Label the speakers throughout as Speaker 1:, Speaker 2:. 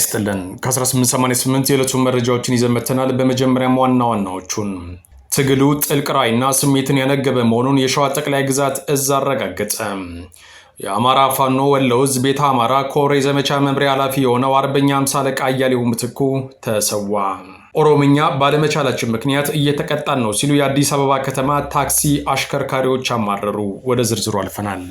Speaker 1: ይስጥልን ከ1888 የዕለቱ መረጃዎችን ይዘን መጥተናል። በመጀመሪያም ዋና ዋናዎቹን ትግሉ ጥልቅ ራዕይና ስሜትን ያነገበ መሆኑን የሸዋ ጠቅላይ ግዛት እዝ አረጋገጠ። የአማራ ፋኖ ወሎ እዝ ቤተ አማራ ኮሬ ዘመቻ መምሪያ ኃላፊ የሆነው አርበኛ አምሳ አለቃ አያሌው ምትኩ ተሰዋ። ኦሮምኛ ባለመቻላችን ምክንያት እየተቀጣን ነው ሲሉ የአዲስ አበባ ከተማ ታክሲ አሽከርካሪዎች አማረሩ። ወደ ዝርዝሩ አልፈናል።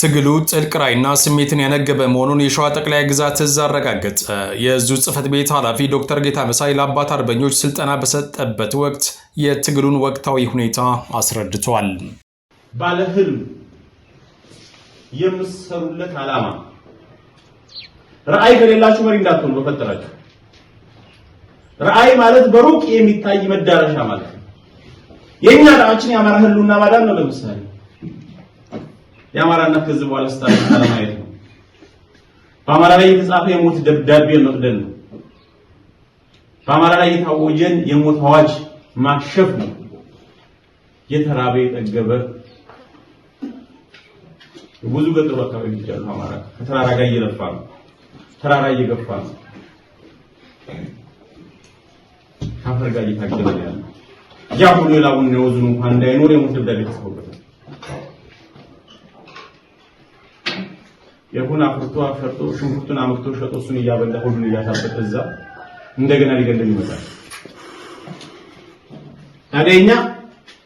Speaker 1: ትግሉ ጥልቅ ራዕይና ስሜትን ያነገበ መሆኑን የሸዋ ጠቅላይ ግዛት እዝ አረጋገጠ። የእዙ ጽህፈት ቤት ኃላፊ ዶክተር ጌታ መሳይ ለአባት አርበኞች ስልጠና በሰጠበት ወቅት የትግሉን ወቅታዊ ሁኔታ አስረድቷል።
Speaker 2: ባለህልም የምትሰሩለት ዓላማ ራዕይ ከሌላችሁ መሪ እንዳትሆኑ በፈጠራችሁ። ራዕይ ማለት በሩቅ የሚታይ መዳረሻ ማለት ነው። የእኛ ራዕያችን የአማራ ህልውና ማዳን ነው ለምሳሌ የአማራነት ህዝብ በኋላ ስታሪክ ማየት ነው። በአማራ ላይ የተጻፈ የሞት ደብዳቤ መቅደል ነው። በአማራ ላይ የታወጀን የሞት አዋጅ ማክሸፍ ነው። የተራበ የጠገበ ብዙ ገጠሩ አካባቢ ብቻ ነው። አማራ ከተራራ ጋር እየለፋ ነው። ተራራ እየገፋ ነው። ካፈር ጋር እየታገለ ያለ ያ ሁሉ የላቡን የወዙን እንኳን እንዳይኖር የሞት ደብዳቤ ተጽፎበታል። የቡን አፍርቶ ሽንኩርቱን አምርቶ ሸጦ እሱን እያበላ ሁሉን እያሳበጠ እዛ እንደገና ሊገድል ይመጣል። ታዲያኛ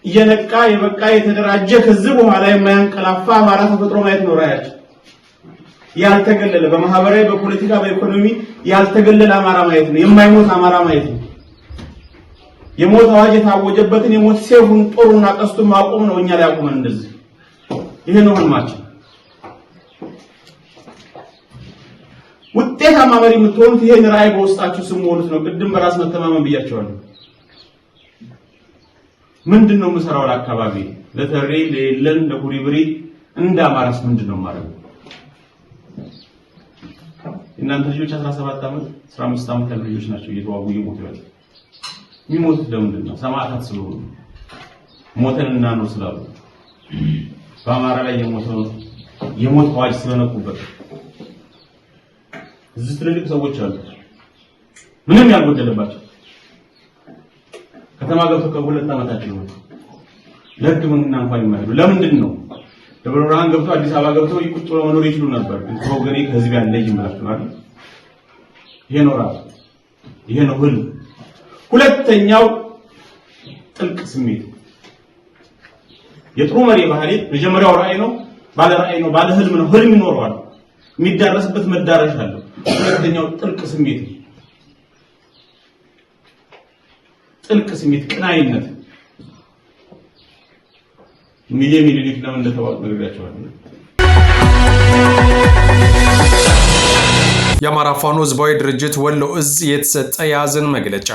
Speaker 2: እየነቃ የበቃ የተደራጀ ከዚህ በኋላ የማያንቀላፋ አማራ ተፈጥሮ ማየት ነው ራያችን። ያልተገለለ በማህበራዊ በፖለቲካ በኢኮኖሚ ያልተገለለ አማራ ማየት ነው። የማይሞት አማራ ማየት ነው። የሞት አዋጅ የታወጀበትን የሞት ሴፉን ጦሩና ቀስቱን ማቆም ነው። እኛ ላይ አቁመን እንደዚህ ይሄ ነው ውጤታማ መሪ የምትሆኑት ይሄን ራዕይ በውስጣችሁ ስሞሉት ነው። ቅድም በራስ መተማመን ብያቸዋለሁ። ምንድን ነው የምሰራው ለአካባቢ ለተሬ ለየለን ለኩሪብሪ እንደ አማራስ ምንድን ነው የማደርገው? እናንተ ልጆች 17 ዓመት 15 ዓመት ያሉ ልጆች ናቸው እየተዋጉ እየሞቱ ያሉት። የሚሞቱት ለምንድን ነው? ሰማዕታት ስለሆኑ ሞተን እናኖር ስላሉ በአማራ ላይ የሞት አዋጅ ስለነቁበት እዚህ ትልልቅ ሰዎች አሉ፣ ምንም ያልጎደለባቸው ከተማ ገብተው ከሁለት ዓመታቸው ነው ለሕክምና እንኳን የማይሄዱ ለምንድን ነው? ደብረ ብርሃን ገብተው አዲስ አበባ ገብተው ቁጭ ብለው መኖር ይችሉ ነበር። ግን ከወገኔ ከህዝብ ያለይ ይመላችኋል። ይሄ ነው ራሱ ይሄ ነው ህልም። ሁለተኛው ጥልቅ ስሜት የጥሩ መሪ ባህሪ መጀመሪያው ራዕይ ነው፣ ባለ ራዕይ ነው፣ ባለ ህልም ነው። ህልም ይኖረዋል። የሚዳረስበት መዳረሻ አለው። ሁለተኛው ጥልቅ ስሜት ነው። ጥልቅ ስሜት ቅናይነት ሚሊዮን ሚሊዮን ለምን እንደተባሉ ነግሬያቸዋለሁ።
Speaker 1: የአማራ ፋኖ ህዝባዊ ድርጅት ወሎ እዝ የተሰጠ የሐዘን መግለጫ።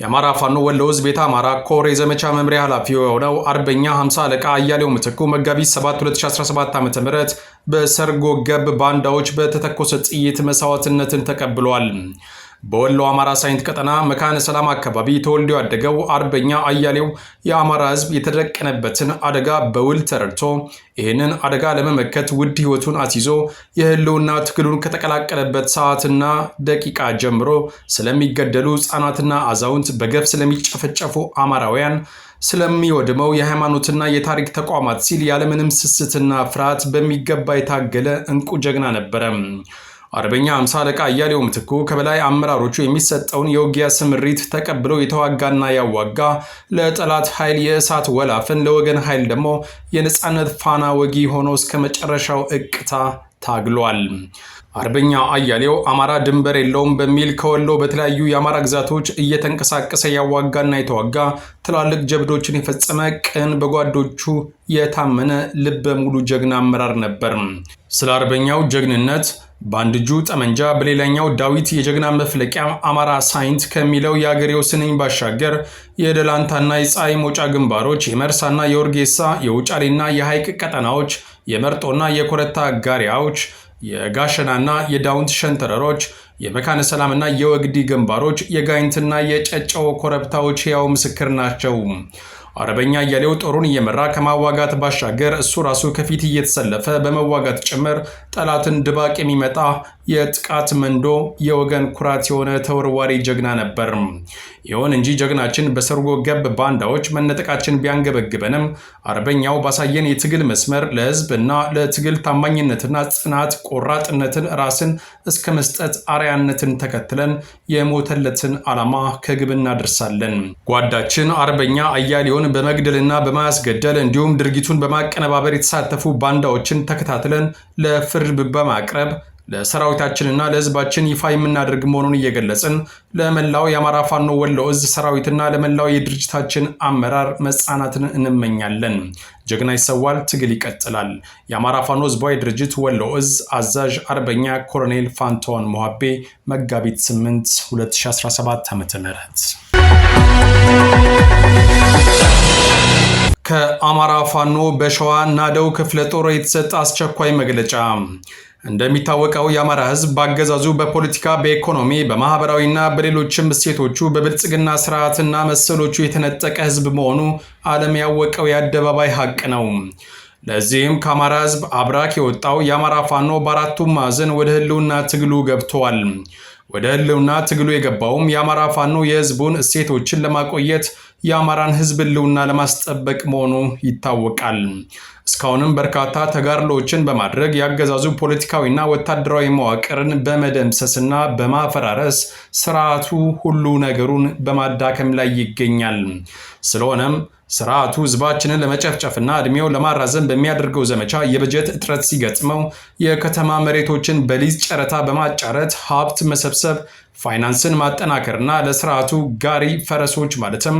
Speaker 1: የአማራ ፋኖ ወሎ እዝ ቤተ አማራ ኮር የዘመቻ መምሪያ ኃላፊ የሆነው አርበኛ 50 አለቃ አያሌው ምትኩ መጋቢት 7 2017 ዓ ም በሰርጎ ገብ ባንዳዎች በተተኮሰ ጥይት መስዋዕትነትን ተቀብሏል። በወሎ አማራ ሳይንት ቀጠና መካነ ሰላም አካባቢ ተወልዶ ያደገው አርበኛ አያሌው የአማራ ሕዝብ የተደቀነበትን አደጋ በውል ተረድቶ ይህንን አደጋ ለመመከት ውድ ሕይወቱን አስይዞ የህልውና ትግሉን ከተቀላቀለበት ሰዓትና ደቂቃ ጀምሮ ስለሚገደሉ ህፃናትና አዛውንት፣ በገፍ ስለሚጨፈጨፉ አማራውያን ስለሚወድመው የሃይማኖትና የታሪክ ተቋማት ሲል ያለምንም ስስትና ፍርሃት በሚገባ የታገለ እንቁ ጀግና ነበረም። አርበኛ ሃምሳ አለቃ አያሌው ምትኩ ከበላይ አመራሮቹ የሚሰጠውን የውጊያ ስምሪት ተቀብሎ የተዋጋና ያዋጋ ለጠላት ኃይል የእሳት ወላፈን፣ ለወገን ኃይል ደግሞ የነፃነት ፋና ወጊ ሆኖ እስከ መጨረሻው እቅታ ታግሏል። አርበኛ አያሌው አማራ ድንበር የለውም በሚል ከወሎ በተለያዩ የአማራ ግዛቶች እየተንቀሳቀሰ ያዋጋና የተዋጋ ትላልቅ ጀብዶችን የፈጸመ ቅን፣ በጓዶቹ የታመነ ልበ ሙሉ ጀግና አመራር ነበር። ስለ አርበኛው ጀግንነት በአንድ እጁ ጠመንጃ በሌላኛው ዳዊት የጀግና መፍለቂያ አማራ ሳይንት ከሚለው የአገሬው ስንኝ ባሻገር የደላንታና የፀሐይ መውጫ ግንባሮች፣ የመርሳና የኦርጌሳ፣ የውጫሌና የሐይቅ ቀጠናዎች የመርጦና የኮረታ ጋሪያዎች፣ የጋሸናና የዳውንት ሸንተረሮች፣ የመካነ ሰላምና የወግዲ ግንባሮች፣ የጋይንትና የጨጨው ኮረብታዎች ሕያው ምስክር ናቸው። አርበኛ አያሌው ጦሩን እየመራ ከማዋጋት ባሻገር እሱ ራሱ ከፊት እየተሰለፈ በመዋጋት ጭምር ጠላትን ድባቅ የሚመጣ የጥቃት መንዶ የወገን ኩራት የሆነ ተወርዋሪ ጀግና ነበር። ይሁን እንጂ ጀግናችን በሰርጎ ገብ ባንዳዎች መነጠቃችን ቢያንገበግበንም አርበኛው ባሳየን የትግል መስመር ለህዝብ እና ለትግል ታማኝነትና ጽናት ቆራጥነትን ራስን እስከ መስጠት አርያነትን ተከትለን የሞተለትን ዓላማ ከግብ እናደርሳለን። ጓዳችን አርበኛ አያሌውን በመግደል በመግደልና በማስገደል እንዲሁም ድርጊቱን በማቀነባበር የተሳተፉ ባንዳዎችን ተከታትለን ለፍርድ በማቅረብ ለሰራዊታችንና ለህዝባችን ይፋ የምናደርግ መሆኑን እየገለጽን ለመላው የአማራ ፋኖ ወሎ እዝ ሰራዊትና ለመላው የድርጅታችን አመራር መጽናናትን እንመኛለን። ጀግና ይሰዋል፣ ትግል ይቀጥላል። የአማራ ፋኖ ህዝባዊ ድርጅት ወሎ እዝ አዛዥ አርበኛ ኮሎኔል ፋንታሁን ሞሀቤ መጋቢት 8 2017 ዓ.ም ከአማራ ፋኖ በሸዋ ናደው ክፍለ ጦር የተሰጠ አስቸኳይ መግለጫ። እንደሚታወቀው የአማራ ህዝብ በአገዛዙ በፖለቲካ፣ በኢኮኖሚ፣ በማህበራዊና በሌሎችም እሴቶቹ በብልጽግና ስርዓትና መሰሎቹ የተነጠቀ ህዝብ መሆኑ ዓለም ያወቀው የአደባባይ ሀቅ ነው። ለዚህም ከአማራ ህዝብ አብራክ የወጣው የአማራ ፋኖ በአራቱም ማዕዘን ወደ ህልውና ትግሉ ገብተዋል። ወደ ህልውና ትግሉ የገባውም የአማራ ፋኖ የህዝቡን እሴቶችን ለማቆየት የአማራን ህዝብ ህልውና ለማስጠበቅ መሆኑ ይታወቃል። እስካሁንም በርካታ ተጋድሎዎችን በማድረግ የአገዛዙ ፖለቲካዊና ወታደራዊ መዋቅርን በመደምሰስና በማፈራረስ ስርዓቱ ሁሉ ነገሩን በማዳከም ላይ ይገኛል። ስለሆነም ስርዓቱ ህዝባችንን ለመጨፍጨፍና እድሜው ለማራዘም በሚያደርገው ዘመቻ የበጀት እጥረት ሲገጥመው የከተማ መሬቶችን በሊዝ ጨረታ በማጫረት ሀብት መሰብሰብ ፋይናንስን ማጠናከርና ለስርዓቱ ጋሪ ፈረሶች ማለትም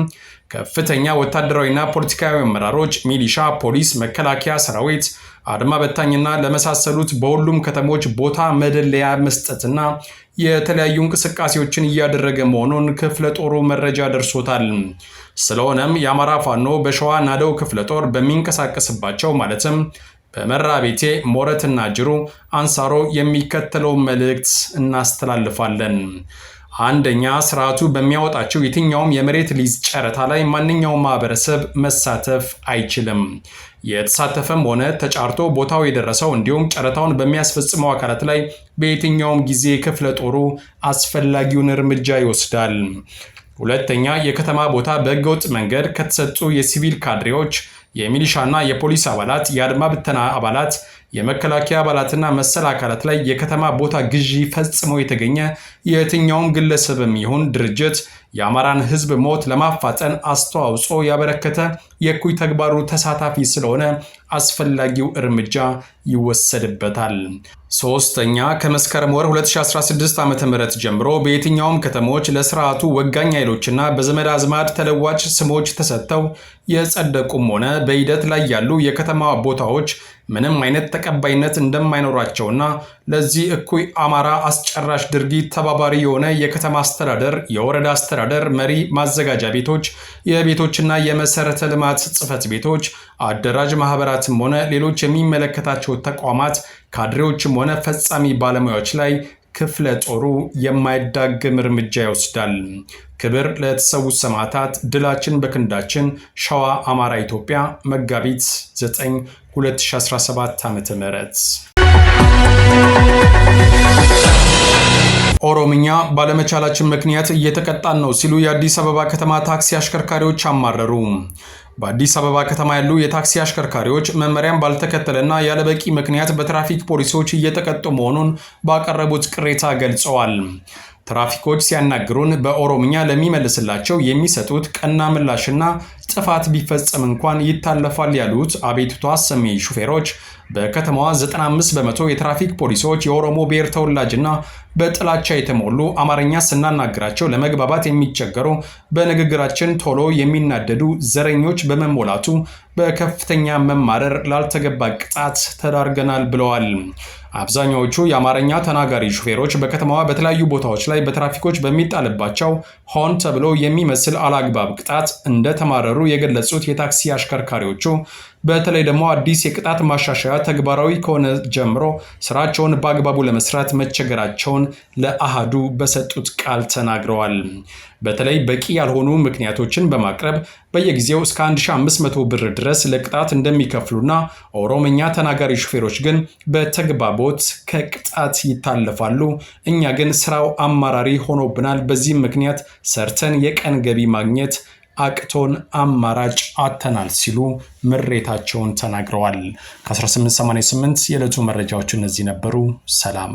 Speaker 1: ከፍተኛ ወታደራዊና ፖለቲካዊ አመራሮች፣ ሚሊሻ፣ ፖሊስ፣ መከላከያ ሰራዊት፣ አድማ በታኝና ለመሳሰሉት በሁሉም ከተሞች ቦታ መደለያ መስጠትና የተለያዩ እንቅስቃሴዎችን እያደረገ መሆኑን ክፍለ ጦሩ መረጃ ደርሶታል። ስለሆነም የአማራ ፋኖ በሸዋ ናደው ክፍለ ጦር በሚንቀሳቀስባቸው ማለትም በመራቤቴ ሞረትና ጅሩ አንሳሮ የሚከተለውን መልእክት እናስተላልፋለን። አንደኛ፣ ስርዓቱ በሚያወጣቸው የትኛውም የመሬት ሊዝ ጨረታ ላይ ማንኛውም ማህበረሰብ መሳተፍ አይችልም። የተሳተፈም ሆነ ተጫርቶ ቦታው የደረሰው እንዲሁም ጨረታውን በሚያስፈጽመው አካላት ላይ በየትኛውም ጊዜ ክፍለ ጦሩ አስፈላጊውን እርምጃ ይወስዳል። ሁለተኛ፣ የከተማ ቦታ በህገወጥ መንገድ ከተሰጡ የሲቪል ካድሬዎች የሚሊሻና የፖሊስ አባላት፣ የአድማ ብተና አባላት፣ የመከላከያ አባላትና መሰል አካላት ላይ የከተማ ቦታ ግዢ ፈጽሞ የተገኘ የትኛውም ግለሰብም ይሁን ድርጅት የአማራን ህዝብ ሞት ለማፋጠን አስተዋጽኦ ያበረከተ የእኩይ ተግባሩ ተሳታፊ ስለሆነ አስፈላጊው እርምጃ ይወሰድበታል። ሶስተኛ ከመስከረም ወር 2016 ዓ ም ጀምሮ በየትኛውም ከተሞች ለስርዓቱ ወጋኝ ኃይሎችና በዘመድ አዝማድ ተለዋጭ ስሞች ተሰጥተው የጸደቁም ሆነ በሂደት ላይ ያሉ የከተማ ቦታዎች ምንም አይነት ተቀባይነት እንደማይኖራቸውና ለዚህ እኩይ አማራ አስጨራሽ ድርጊት ተባባሪ የሆነ የከተማ አስተዳደር፣ የወረዳ አስተዳደር አስተዳደር መሪ ማዘጋጃ ቤቶች፣ የቤቶችና የመሰረተ ልማት ጽህፈት ቤቶች፣ አደራጅ ማህበራትም ሆነ ሌሎች የሚመለከታቸው ተቋማት ካድሬዎችም ሆነ ፈጻሚ ባለሙያዎች ላይ ክፍለ ጦሩ የማይዳግም እርምጃ ይወስዳል። ክብር ለተሰዉ ሰማዕታት። ድላችን በክንዳችን። ሸዋ፣ አማራ፣ ኢትዮጵያ መጋቢት 9 2017 ም ኦሮምኛ ባለመቻላችን ምክንያት እየተቀጣን ነው ሲሉ የአዲስ አበባ ከተማ ታክሲ አሽከርካሪዎች አማረሩ። በአዲስ አበባ ከተማ ያሉ የታክሲ አሽከርካሪዎች መመሪያን ባልተከተለና ያለበቂ ምክንያት በትራፊክ ፖሊሶች እየተቀጡ መሆኑን ባቀረቡት ቅሬታ ገልጸዋል። ትራፊኮች ሲያናግሩን በኦሮምኛ ለሚመልስላቸው የሚሰጡት ቀና ምላሽና ጥፋት ቢፈጸም እንኳን ይታለፋል ያሉት አቤቱታ ሰሚ ሹፌሮች በከተማዋ 95 በመቶ የትራፊክ ፖሊሶች የኦሮሞ ብሔር ተወላጅና በጥላቻ የተሞሉ አማርኛ ስናናግራቸው ለመግባባት የሚቸገሩ በንግግራችን ቶሎ የሚናደዱ ዘረኞች በመሞላቱ በከፍተኛ መማረር ላልተገባ ቅጣት ተዳርገናል ብለዋል። አብዛኛዎቹ የአማርኛ ተናጋሪ ሹፌሮች በከተማዋ በተለያዩ ቦታዎች ላይ በትራፊኮች በሚጣልባቸው ሆን ተብሎ የሚመስል አላግባብ ቅጣት እንደተማረሩ እንደሚመሩ የገለጹት የታክሲ አሽከርካሪዎቹ በተለይ ደግሞ አዲስ የቅጣት ማሻሻያ ተግባራዊ ከሆነ ጀምሮ ስራቸውን በአግባቡ ለመስራት መቸገራቸውን ለአሃዱ በሰጡት ቃል ተናግረዋል። በተለይ በቂ ያልሆኑ ምክንያቶችን በማቅረብ በየጊዜው እስከ 1500 ብር ድረስ ለቅጣት እንደሚከፍሉና ኦሮምኛ ተናጋሪ ሹፌሮች ግን በተግባቦት ከቅጣት ይታለፋሉ። እኛ ግን ስራው አማራሪ ሆኖብናል። በዚህም ምክንያት ሰርተን የቀን ገቢ ማግኘት አቅቶን አማራጭ አተናል ሲሉ ምሬታቸውን ተናግረዋል። ከ1888 የዕለቱ መረጃዎች እነዚህ ነበሩ። ሰላም